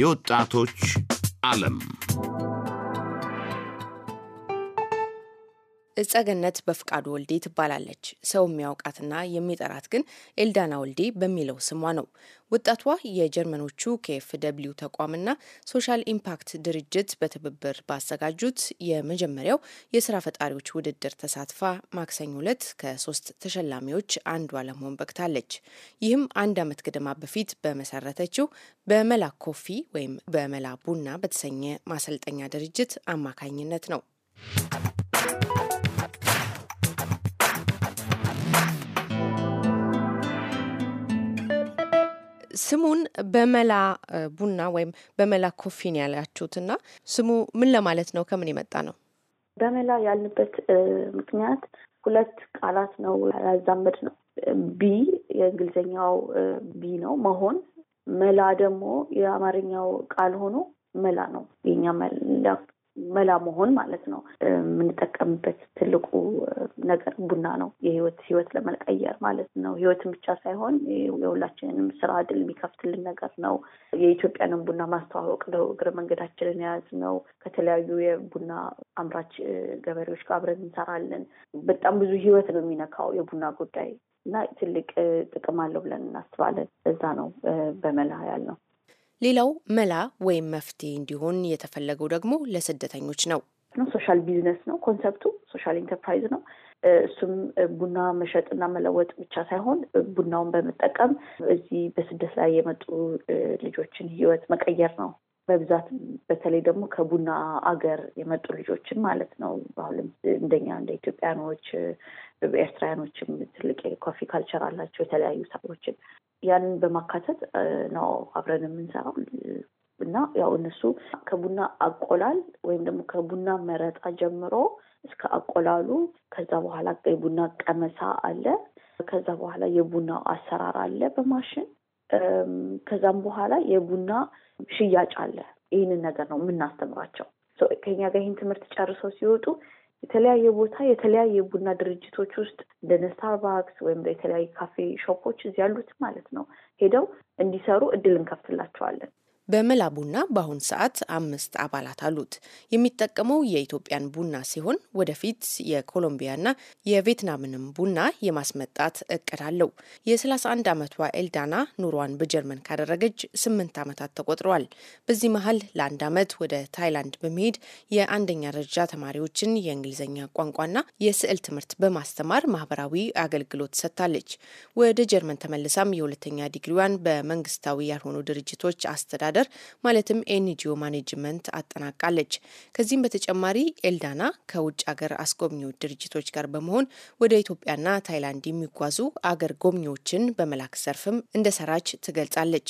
የወጣቶች ዓለም እጸገነት በፍቃዱ ወልዴ ትባላለች። ሰው የሚያውቃትና የሚጠራት ግን ኤልዳና ወልዴ በሚለው ስሟ ነው። ወጣቷ የጀርመኖቹ ኬፍ ደብሊው ተቋምና ሶሻል ኢምፓክት ድርጅት በትብብር ባዘጋጁት የመጀመሪያው የስራ ፈጣሪዎች ውድድር ተሳትፋ ማክሰኞ ዕለት ከሶስት ተሸላሚዎች አንዷ ለመሆን በቅታለች። ይህም አንድ ዓመት ገደማ በፊት በመሰረተችው በመላ ኮፊ ወይም በመላ ቡና በተሰኘ ማሰልጠኛ ድርጅት አማካኝነት ነው። ስሙን በመላ ቡና ወይም በመላ ኮፊን ያላችሁትና ስሙ ምን ለማለት ነው? ከምን የመጣ ነው? በመላ ያልንበት ምክንያት ሁለት ቃላት ነው ያዛመድ ነው። ቢ የእንግሊዝኛው ቢ ነው መሆን፣ መላ ደግሞ የአማርኛው ቃል ሆኖ መላ ነው የኛ መላ መላ መሆን ማለት ነው። የምንጠቀምበት ትልቁ ነገር ቡና ነው። የህይወት ህይወት ለመቀየር ማለት ነው። ህይወትን ብቻ ሳይሆን የሁላችንንም ስራ እድል የሚከፍትልን ነገር ነው። የኢትዮጵያንም ቡና ማስተዋወቅ ነው። እግረ መንገዳችንን የያዝ ነው። ከተለያዩ የቡና አምራች ገበሬዎች ጋር አብረን እንሰራለን። በጣም ብዙ ህይወት ነው የሚነካው የቡና ጉዳይ እና ትልቅ ጥቅም አለው ብለን እናስባለን። እዛ ነው በመላ ነው። ሌላው መላ ወይም መፍትሄ እንዲሆን የተፈለገው ደግሞ ለስደተኞች ነው ሶሻል ቢዝነስ ነው ኮንሰፕቱ ሶሻል ኢንተርፕራይዝ ነው እሱም ቡና መሸጥና መለወጥ ብቻ ሳይሆን ቡናውን በመጠቀም እዚህ በስደት ላይ የመጡ ልጆችን ህይወት መቀየር ነው በብዛት በተለይ ደግሞ ከቡና አገር የመጡ ልጆችን ማለት ነው። አሁን እንደኛ እንደ ኢትዮጵያኖች ኤርትራውያኖችም ትልቅ የኮፊ ካልቸር አላቸው የተለያዩ ሰዎችን ያንን በማካተት ነው አብረን የምንሰራው እና ያው እነሱ ከቡና አቆላል ወይም ደግሞ ከቡና መረጣ ጀምሮ እስከ አቆላሉ፣ ከዛ በኋላ የቡና ቀመሳ አለ፣ ከዛ በኋላ የቡና አሰራር አለ በማሽን ከዛም በኋላ የቡና ሽያጭ አለ። ይህንን ነገር ነው የምናስተምራቸው። ከኛ ጋር ይህን ትምህርት ጨርሰው ሲወጡ የተለያየ ቦታ የተለያየ ቡና ድርጅቶች ውስጥ እንደነ ስታርባክስ ወይም የተለያዩ ካፌ ሾፖች እዚህ ያሉት ማለት ነው ሄደው እንዲሰሩ እድል እንከፍትላቸዋለን። በመላ ቡና በአሁን ሰዓት አምስት አባላት አሉት። የሚጠቀመው የኢትዮጵያን ቡና ሲሆን ወደፊት የኮሎምቢያና የቬትናምንም ቡና የማስመጣት እቅድ አለው። የ31 ዓመቷ ኤልዳና ኑሯን በጀርመን ካደረገች ስምንት ዓመታት ተቆጥረዋል። በዚህ መሀል ለአንድ ዓመት ወደ ታይላንድ በመሄድ የአንደኛ ደረጃ ተማሪዎችን የእንግሊዝኛ ቋንቋና የስዕል ትምህርት በማስተማር ማህበራዊ አገልግሎት ሰጥታለች። ወደ ጀርመን ተመልሳም የሁለተኛ ዲግሪዋን በመንግስታዊ ያልሆኑ ድርጅቶች አስተዳደር አስተዳደር ማለትም ኤንጂኦ ማኔጅመንት አጠናቃለች። ከዚህም በተጨማሪ ኤልዳና ከውጭ አገር አስጎብኚዎች ድርጅቶች ጋር በመሆን ወደ ኢትዮጵያና ታይላንድ የሚጓዙ አገር ጎብኚዎችን በመላክ ዘርፍም እንደሰራች ትገልጻለች።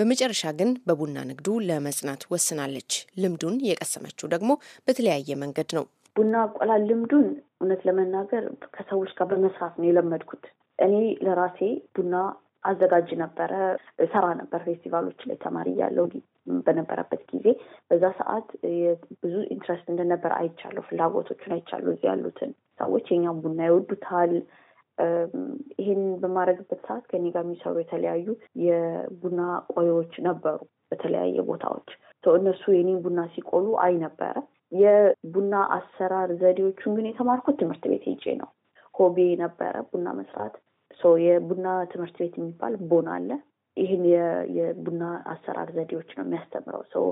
በመጨረሻ ግን በቡና ንግዱ ለመጽናት ወስናለች። ልምዱን የቀሰመችው ደግሞ በተለያየ መንገድ ነው። ቡና አቆላል ልምዱን እውነት ለመናገር ከሰዎች ጋር በመስራት ነው የለመድኩት። እኔ ለራሴ ቡና አዘጋጅ ነበረ፣ ሰራ ነበር ፌስቲቫሎች ላይ ተማሪ ያለው በነበረበት ጊዜ በዛ ሰዓት ብዙ ኢንትረስት እንደነበር አይቻለሁ። ፍላጎቶቹን አይቻሉ እዚህ ያሉትን ሰዎች የኛም ቡና ይወዱታል። ይህን በማድረግበት ሰዓት ከኔ ጋር የሚሰሩ የተለያዩ የቡና ቆዮች ነበሩ በተለያየ ቦታዎች። እነሱ የኔን ቡና ሲቆሉ አይ ነበረ። የቡና አሰራር ዘዴዎቹን ግን የተማርኩት ትምህርት ቤት ሄጄ ነው። ሆቤ ነበረ ቡና መስራት የቡና ትምህርት ቤት የሚባል ቦና አለ። ይህን የቡና አሰራር ዘዴዎች ነው የሚያስተምረው። ሰው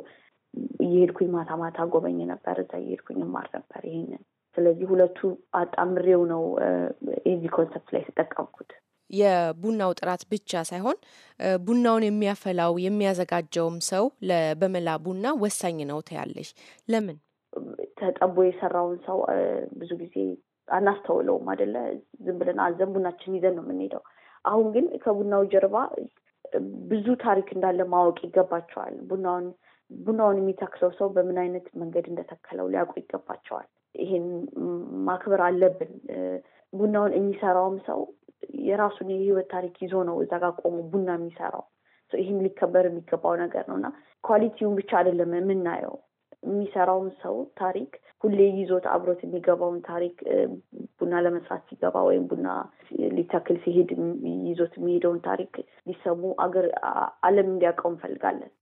እየሄድኩኝ ማታ ማታ ጎበኝ ነበር፣ እዛ እየሄድኩኝ ማር ነበር ይህንን። ስለዚህ ሁለቱ አጣምሬው ነው የዚህ ኮንሰፕት ላይ የተጠቀምኩት። የቡናው ጥራት ብቻ ሳይሆን ቡናውን የሚያፈላው የሚያዘጋጀውም ሰው በመላ ቡና ወሳኝ ነው ትያለሽ። ለምን? ተጠቦ የሰራውን ሰው ብዙ ጊዜ አናስተውለውም አደለ ዝም ብለን አዘን ቡናችን ይዘን ነው የምንሄደው። አሁን ግን ከቡናው ጀርባ ብዙ ታሪክ እንዳለ ማወቅ ይገባቸዋል። ቡናውን ቡናውን የሚተክለው ሰው በምን አይነት መንገድ እንደተከለው ሊያውቁ ይገባቸዋል። ይሄን ማክበር አለብን። ቡናውን የሚሰራውም ሰው የራሱን የህይወት ታሪክ ይዞ ነው እዛ ጋር ቆሞ ቡና የሚሰራው። ይህም ሊከበር የሚገባው ነገር ነው እና ኳሊቲውን ብቻ አይደለም የምናየው የሚሰራውም ሰው ታሪክ ሁሌ ይዞት አብሮት የሚገባውም ታሪክ ቡና ለመስራት ሲገባ ወይም ቡና ሊተክል ሲሄድ ይዞት የሚሄደውን ታሪክ ሊሰሙ አገር ዓለም እንዲያውቀው እንፈልጋለን።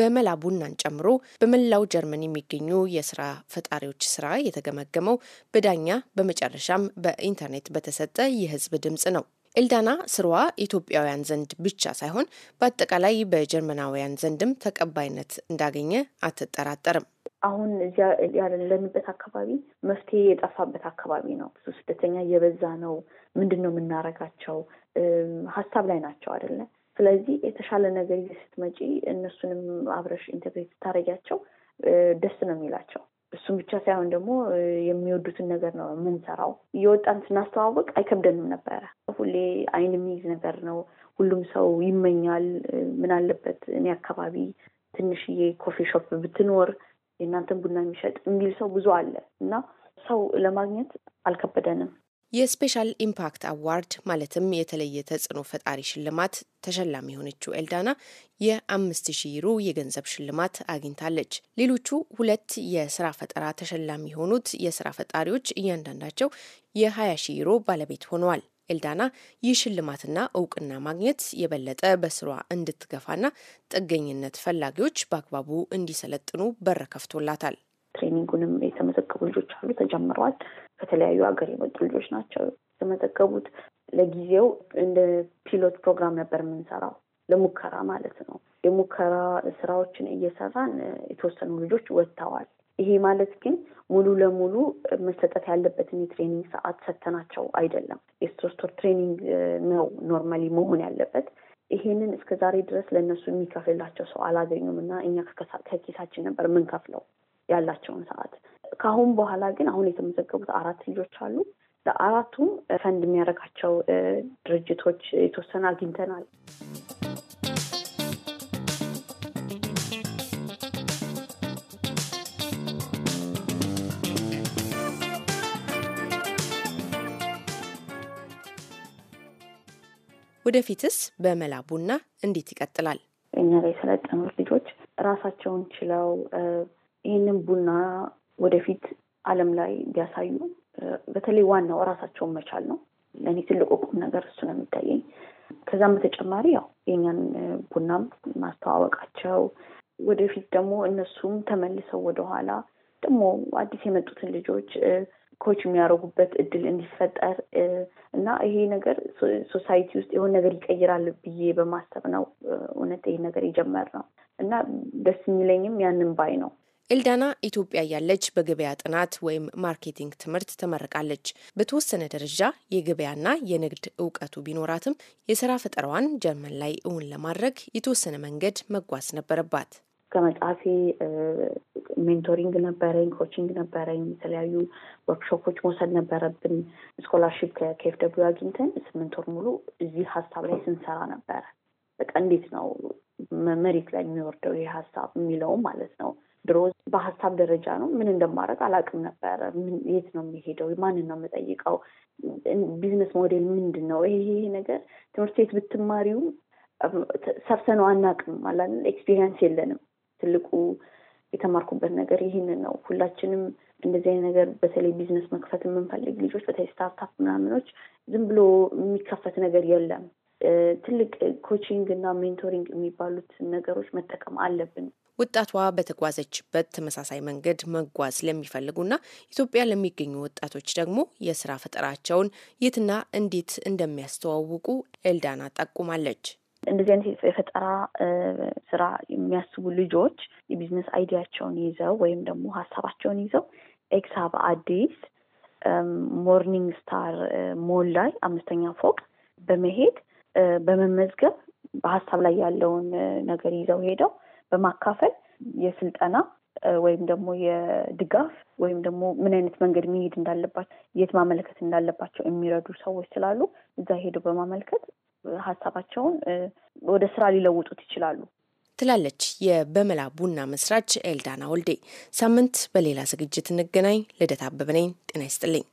በመላ ቡናን ጨምሮ በመላው ጀርመን የሚገኙ የስራ ፈጣሪዎች ስራ የተገመገመው በዳኛ በመጨረሻም በኢንተርኔት በተሰጠ የህዝብ ድምፅ ነው። ኤልዳና ስሯ ኢትዮጵያውያን ዘንድ ብቻ ሳይሆን በአጠቃላይ በጀርመናውያን ዘንድም ተቀባይነት እንዳገኘ አትጠራጠርም። አሁን እዚያ ያለንበት አካባቢ መፍትሄ የጠፋበት አካባቢ ነው። ብዙ ስደተኛ እየበዛ ነው። ምንድን ነው የምናረጋቸው? ሀሳብ ላይ ናቸው አይደለ? ስለዚህ የተሻለ ነገር ይዘሽ ስትመጪ እነሱንም አብረሽ ኢንተግሬት ስታደርጊያቸው ደስ ነው የሚላቸው። እሱም ብቻ ሳይሆን ደግሞ የሚወዱትን ነገር ነው የምንሰራው። እየወጣን ስናስተዋወቅ አይከብደንም ነበረ። ሁሌ አይን የሚይዝ ነገር ነው። ሁሉም ሰው ይመኛል። ምን አለበት እኔ አካባቢ ትንሽዬ ኮፊ ሾፕ ብትኖር የእናንተን ቡና የሚሸጥ የሚል ሰው ብዙ አለ እና ሰው ለማግኘት አልከበደንም። የስፔሻል ኢምፓክት አዋርድ ማለትም የተለየ ተጽዕኖ ፈጣሪ ሽልማት ተሸላሚ የሆነችው ኤልዳና የአምስት ሺህ ዩሮ የገንዘብ ሽልማት አግኝታለች። ሌሎቹ ሁለት የስራ ፈጠራ ተሸላሚ የሆኑት የስራ ፈጣሪዎች እያንዳንዳቸው የሀያ ሺህ ዩሮ ባለቤት ሆነዋል። ኤልዳና ይህ ሽልማትና እውቅና ማግኘት የበለጠ በስሯ እንድትገፋና ጥገኝነት ፈላጊዎች በአግባቡ እንዲሰለጥኑ በር ከፍቶላታል። ትሬኒንጉንም የተመዘገቡ ልጆች አሉ ተጀምረዋል። ከተለያዩ ሀገር የመጡ ልጆች ናቸው የተመዘገቡት። ለጊዜው እንደ ፒሎት ፕሮግራም ነበር የምንሰራው ለሙከራ ማለት ነው። የሙከራ ስራዎችን እየሰራን የተወሰኑ ልጆች ወጥተዋል። ይሄ ማለት ግን ሙሉ ለሙሉ መሰጠት ያለበትን የትሬኒንግ ሰዓት ሰተናቸው አይደለም። የሶስት ወር ትሬኒንግ ነው ኖርማሊ መሆን ያለበት። ይሄንን እስከ ዛሬ ድረስ ለእነሱ የሚከፍልላቸው ሰው አላገኙም እና እኛ ከኪሳችን ነበር ምንከፍለው ያላቸውን ሰዓት ከአሁን በኋላ ግን አሁን የተመዘገቡት አራት ልጆች አሉ። ለአራቱም ፈንድ የሚያደርጋቸው ድርጅቶች የተወሰነ አግኝተናል። ወደፊትስ በመላ ቡና እንዴት ይቀጥላል? እኛ ላይ የሰለጠኑት ልጆች ራሳቸውን ችለው ይህንን ቡና ወደፊት ዓለም ላይ ቢያሳዩ በተለይ ዋናው እራሳቸውን መቻል ነው። ለእኔ ትልቁ ቁም ነገር እሱ ነው የሚታየኝ። ከዛም በተጨማሪ ያው የኛን ቡናም ማስተዋወቃቸው ወደፊት ደግሞ እነሱም ተመልሰው ወደኋላ ደግሞ አዲስ የመጡትን ልጆች ኮች የሚያደርጉበት እድል እንዲፈጠር እና ይሄ ነገር ሶሳይቲ ውስጥ የሆነ ነገር ይቀይራል ብዬ በማሰብ ነው እውነት ይሄ ነገር ነው እና ደስ የሚለኝም ያንን ባይ ነው። ኤልዳና ኢትዮጵያ እያለች በገበያ ጥናት ወይም ማርኬቲንግ ትምህርት ተመርቃለች። በተወሰነ ደረጃ የገበያና የንግድ እውቀቱ ቢኖራትም የስራ ፈጠራዋን ጀርመን ላይ እውን ለማድረግ የተወሰነ መንገድ መጓዝ ነበረባት። ከመጽሐፌ ሜንቶሪንግ ነበረኝ፣ ኮችንግ ነበረኝ፣ የተለያዩ ወርክሾፖች መውሰድ ነበረብን። ስኮላርሽፕ ከኬፍ ደብሊው አግኝተን ስምንት ወር ሙሉ እዚህ ሀሳብ ላይ ስንሰራ ነበረ። በቃ እንዴት ነው መሬት ላይ የሚወርደው ይህ ሀሳብ የሚለውም ማለት ነው ድሮ በሀሳብ ደረጃ ነው። ምን እንደማድረግ አላውቅም ነበረ። የት ነው የሚሄደው? ማንን ነው የምጠይቀው? ቢዝነስ ሞዴል ምንድን ነው? ይሄ ይሄ ነገር ትምህርት ቤት ብትማሪውም ሰብሰነው አናውቅም አላል ኤክስፒሪየንስ የለንም። ትልቁ የተማርኩበት ነገር ይህንን ነው። ሁላችንም እንደዚህ አይነት ነገር በተለይ ቢዝነስ መክፈት የምንፈልግ ልጆች፣ በተለይ ስታርታፕ ምናምኖች ዝም ብሎ የሚከፈት ነገር የለም። ትልቅ ኮቺንግ እና ሜንቶሪንግ የሚባሉት ነገሮች መጠቀም አለብን። ወጣቷ በተጓዘችበት ተመሳሳይ መንገድ መጓዝ ለሚፈልጉና ኢትዮጵያ ለሚገኙ ወጣቶች ደግሞ የስራ ፈጠራቸውን የትና እንዴት እንደሚያስተዋውቁ ኤልዳና ጠቁማለች። እንደዚህ አይነት የፈጠራ ስራ የሚያስቡ ልጆች የቢዝነስ አይዲያቸውን ይዘው ወይም ደግሞ ሀሳባቸውን ይዘው ኤክሳብ አዲስ ሞርኒንግ ስታር ሞል ላይ አምስተኛ ፎቅ በመሄድ በመመዝገብ በሀሳብ ላይ ያለውን ነገር ይዘው ሄደው በማካፈል የስልጠና ወይም ደግሞ የድጋፍ ወይም ደግሞ ምን አይነት መንገድ መሄድ እንዳለባቸው የት ማመልከት እንዳለባቸው የሚረዱ ሰዎች ስላሉ እዛ ሄዱ በማመልከት ሀሳባቸውን ወደ ስራ ሊለውጡት ይችላሉ ትላለች የበመላ ቡና መስራች ኤልዳና ወልዴ። ሳምንት በሌላ ዝግጅት እንገናኝ። ልደት አበበ ነኝ። ጤና ይስጥልኝ።